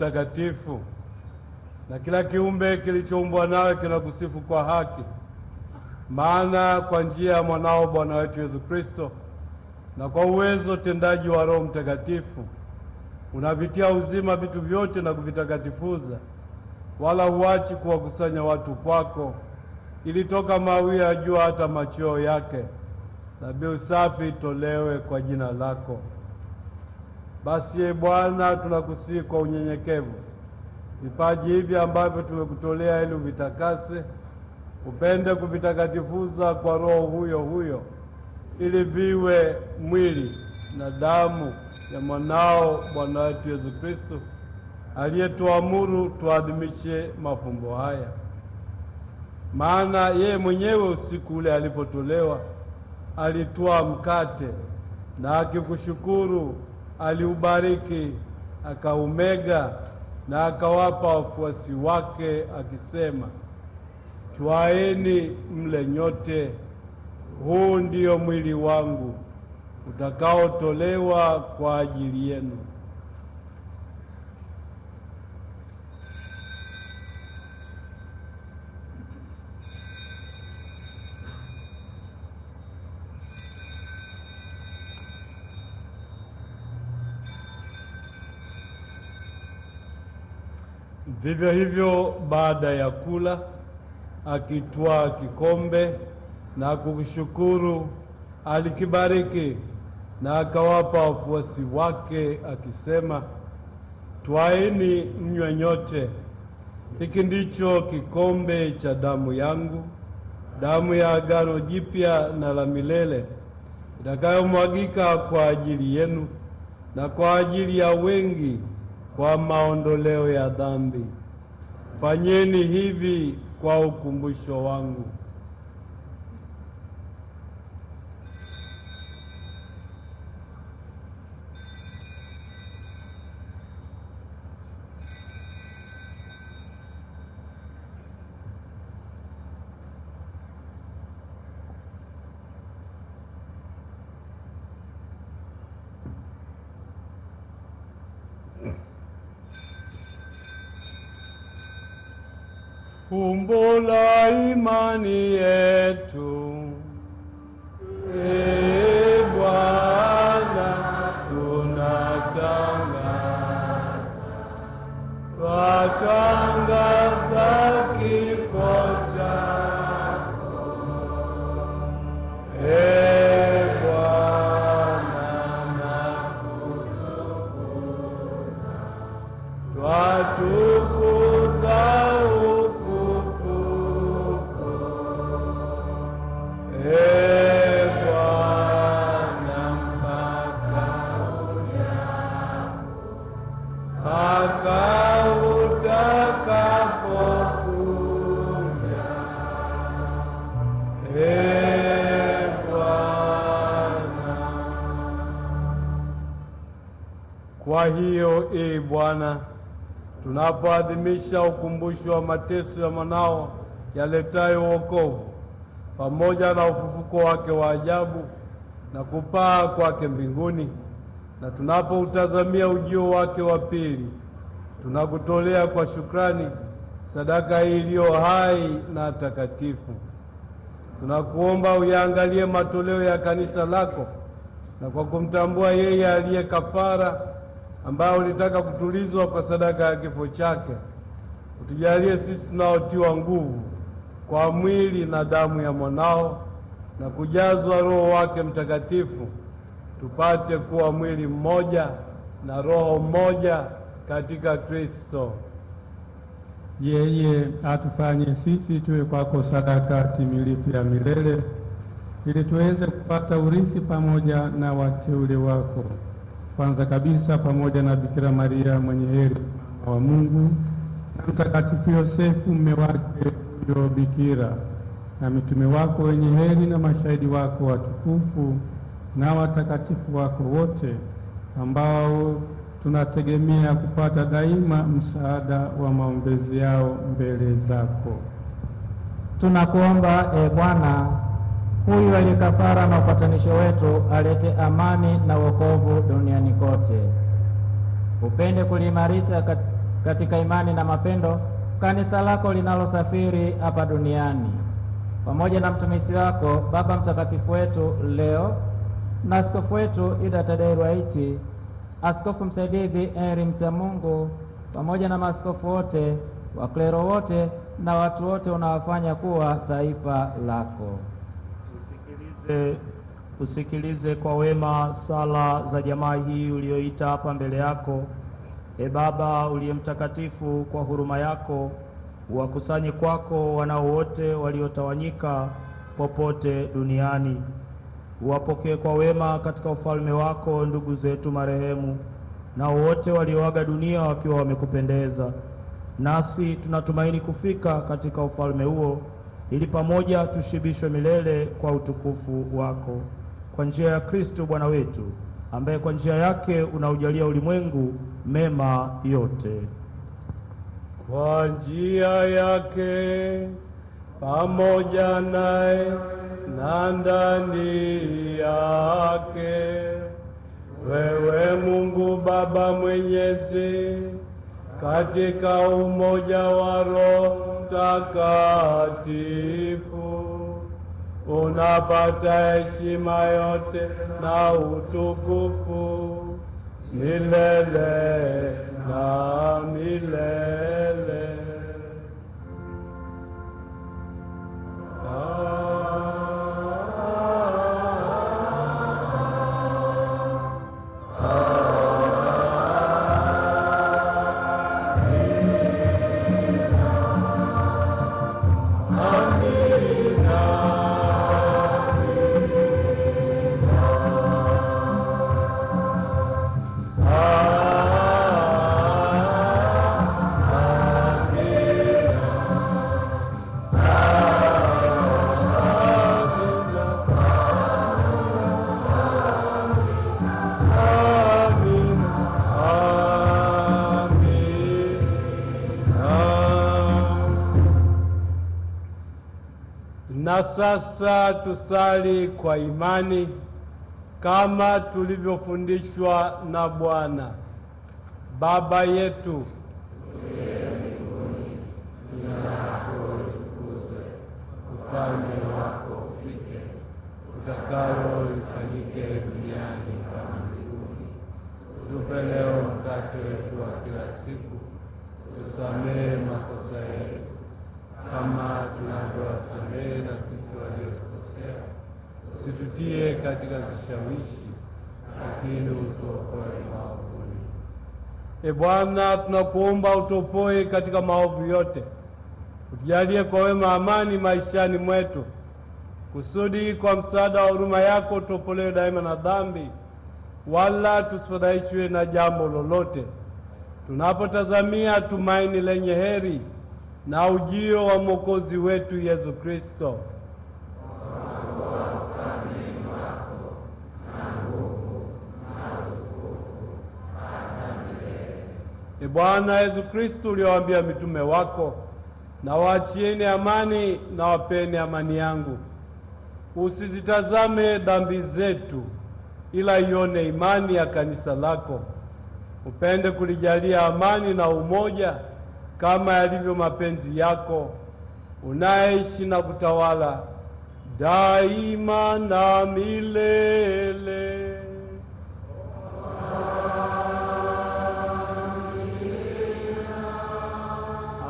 mtakatifu, na kila kiumbe kilichoumbwa nawe kinakusifu kwa haki, maana kwa njia ya mwanao Bwana wetu Yesu Kristo na kwa uwezo utendaji wa Roho Mtakatifu unavitia uzima vitu vyote na kuvitakatifuza, wala huachi kuwakusanya watu kwako, ili toka mawia ya jua hata machweo yake dhabihu safi itolewe kwa jina lako. Basi e Bwana, tunakusihi kwa unyenyekevu vipaji hivi ambavyo tumekutolea ili uvitakase, upende kuvitakatifuza kwa Roho huyo huyo, ili viwe mwili na damu ya mwanao Bwana wetu Yesu Kristo, aliyetuamuru tuadhimishe mafumbo haya. Maana yeye mwenyewe usiku ule alipotolewa, alitwaa mkate na akikushukuru aliubariki akaumega na akawapa wafuasi wake akisema, twaeni mle nyote, huu ndiyo mwili wangu utakaotolewa kwa ajili yenu. Vivyo hivyo baada ya kula akitwaa kikombe na kushukuru alikibariki na akawapa wafuasi wake akisema, twaeni mnywe nyote, hiki ndicho kikombe cha damu yangu, damu ya agano jipya na la milele, itakayomwagika kwa ajili yenu na kwa ajili ya wengi kwa maondoleo ya dhambi. Fanyeni hivi kwa ukumbusho wangu. Kumbula imani yetu, Ee Bwana, tunatangaza, twatangaza kifo chako, Ee Kwa hiyo e Bwana, tunapoadhimisha ukumbusho wa mateso ya mwanao yaletayo wokovu pamoja na ufufuko wake wa ajabu na kupaa kwake mbinguni, na tunapoutazamia ujio wake wa pili, tunakutolea kwa shukrani sadaka hii iliyo hai na takatifu. Tunakuomba uyaangalie matoleo ya kanisa lako, na kwa kumtambua yeye aliye kafara ambao ulitaka kutulizwa kwa sadaka ya kifo chake, utujalie sisi tunaotiwa nguvu kwa mwili na damu ya mwanao na kujazwa Roho wake Mtakatifu, tupate kuwa mwili mmoja na roho mmoja katika Kristo. Yeye atufanye sisi tuwe kwako sadaka timilifu ya milele, ili tuweze kupata urithi pamoja na wateule wako kwanza kabisa pamoja na Bikira Maria mwenye heri wa Mungu na Mtakatifu Yosefu mme wake huyo bikira na mitume wako wenye heri na mashahidi wako watukufu na watakatifu wako wote ambao tunategemea kupata daima msaada wa maombezi yao mbele zako. Tunakuomba e Bwana huyu aliye kafara na upatanisho wetu, alete amani na wokovu duniani kote. Upende kuliimarisha katika imani na mapendo kanisa lako linalosafiri hapa duniani, pamoja na mtumishi wako Baba Mtakatifu wetu leo na askofu wetu Yuda Tadei Ruwa'ichi, askofu msaidizi Henry Mchamungu, pamoja na maaskofu wote, waklero wote na watu wote unawafanya kuwa taifa lako usikilize kwa wema sala za jamaa hii uliyoita hapa mbele yako. E Baba uliye mtakatifu, kwa huruma yako wakusanye kwako wanao wote waliotawanyika popote duniani. Wapokee kwa wema katika ufalme wako ndugu zetu marehemu na wote walioaga dunia wakiwa wamekupendeza, nasi tunatumaini kufika katika ufalme huo ili pamoja tushibishwe milele kwa utukufu wako, kwa njia ya Kristo Bwana wetu, ambaye kwa njia yake unaujalia ulimwengu mema yote. Kwa njia yake, pamoja naye na ndani yake, wewe Mungu Baba Mwenyezi, katika umoja wa Roho mtakatifu unapata heshima yote na utukufu milele na milele. sasa tusali kwa imani kama tulivyofundishwa na Bwana. Baba yetu uliye mbinguni, jina lako litukuzwe, ufalme wako ufike, utakalo lifanyike duniani kama mbinguni. Utupe leo mkate wetu wa kila siku, tusamehe makosa yetu kama tunavyowasamehe na sisi waliotukosea, usitutie katika kishawishi, lakini utuokoe maovuni. E Bwana, tunakuomba utuopoe katika maovu yote, utujalie kwa wema amani maishani mwetu, kusudi kwa msaada wa huruma yako tuopolewe daima na dhambi, wala tusifadhaishwe na jambo lolote, tunapotazamia tumaini lenye heri na ujio wa Mwokozi wetu Yesu Kristo. Ni ee Bwana Yesu Kristo uliowaambia mitume wako, na waachieni amani na wapeni amani yangu. Usizitazame dhambi zetu, ila ione imani ya kanisa lako, upende kulijalia amani na umoja kama yalivyo mapenzi yako unaishi na kutawala daima na milele.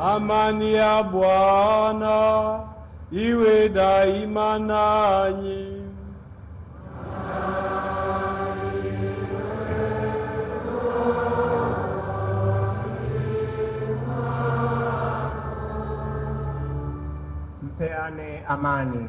Amani ya Bwana iwe daima nanyi. mpeane amani.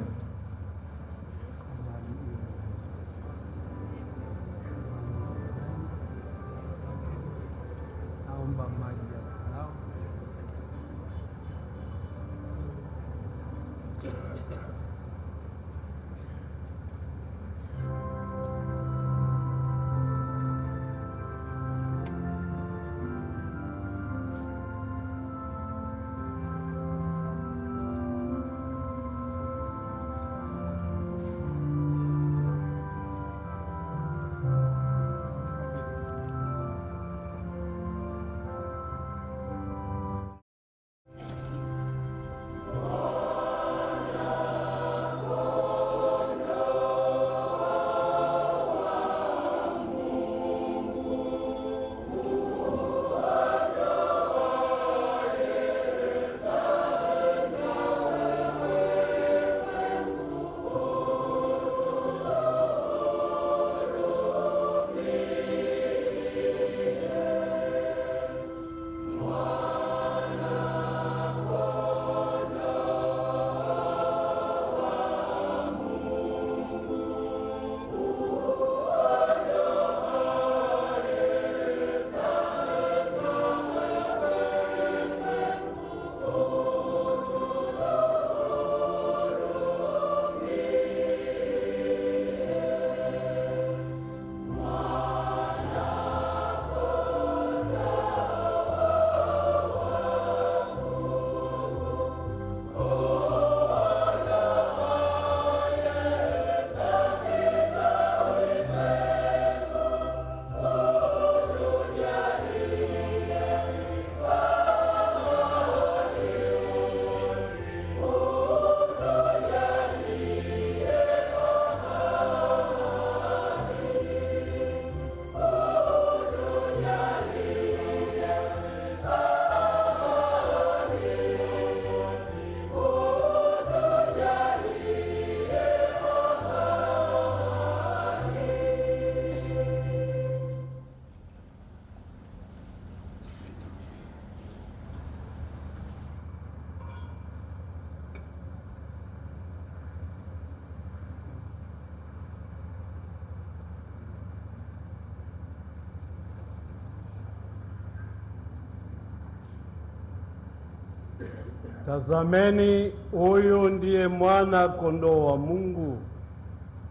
Tazameni, huyu ndiye mwana kondoo wa Mungu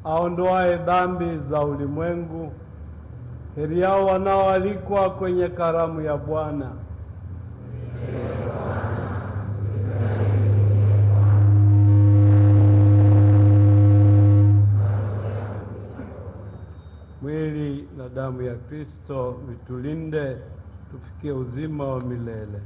aondoaye dhambi za ulimwengu. Heri yao wanaoalikwa kwenye karamu ya Bwana. Mwili na damu ya Kristo vitulinde tufikie uzima wa milele.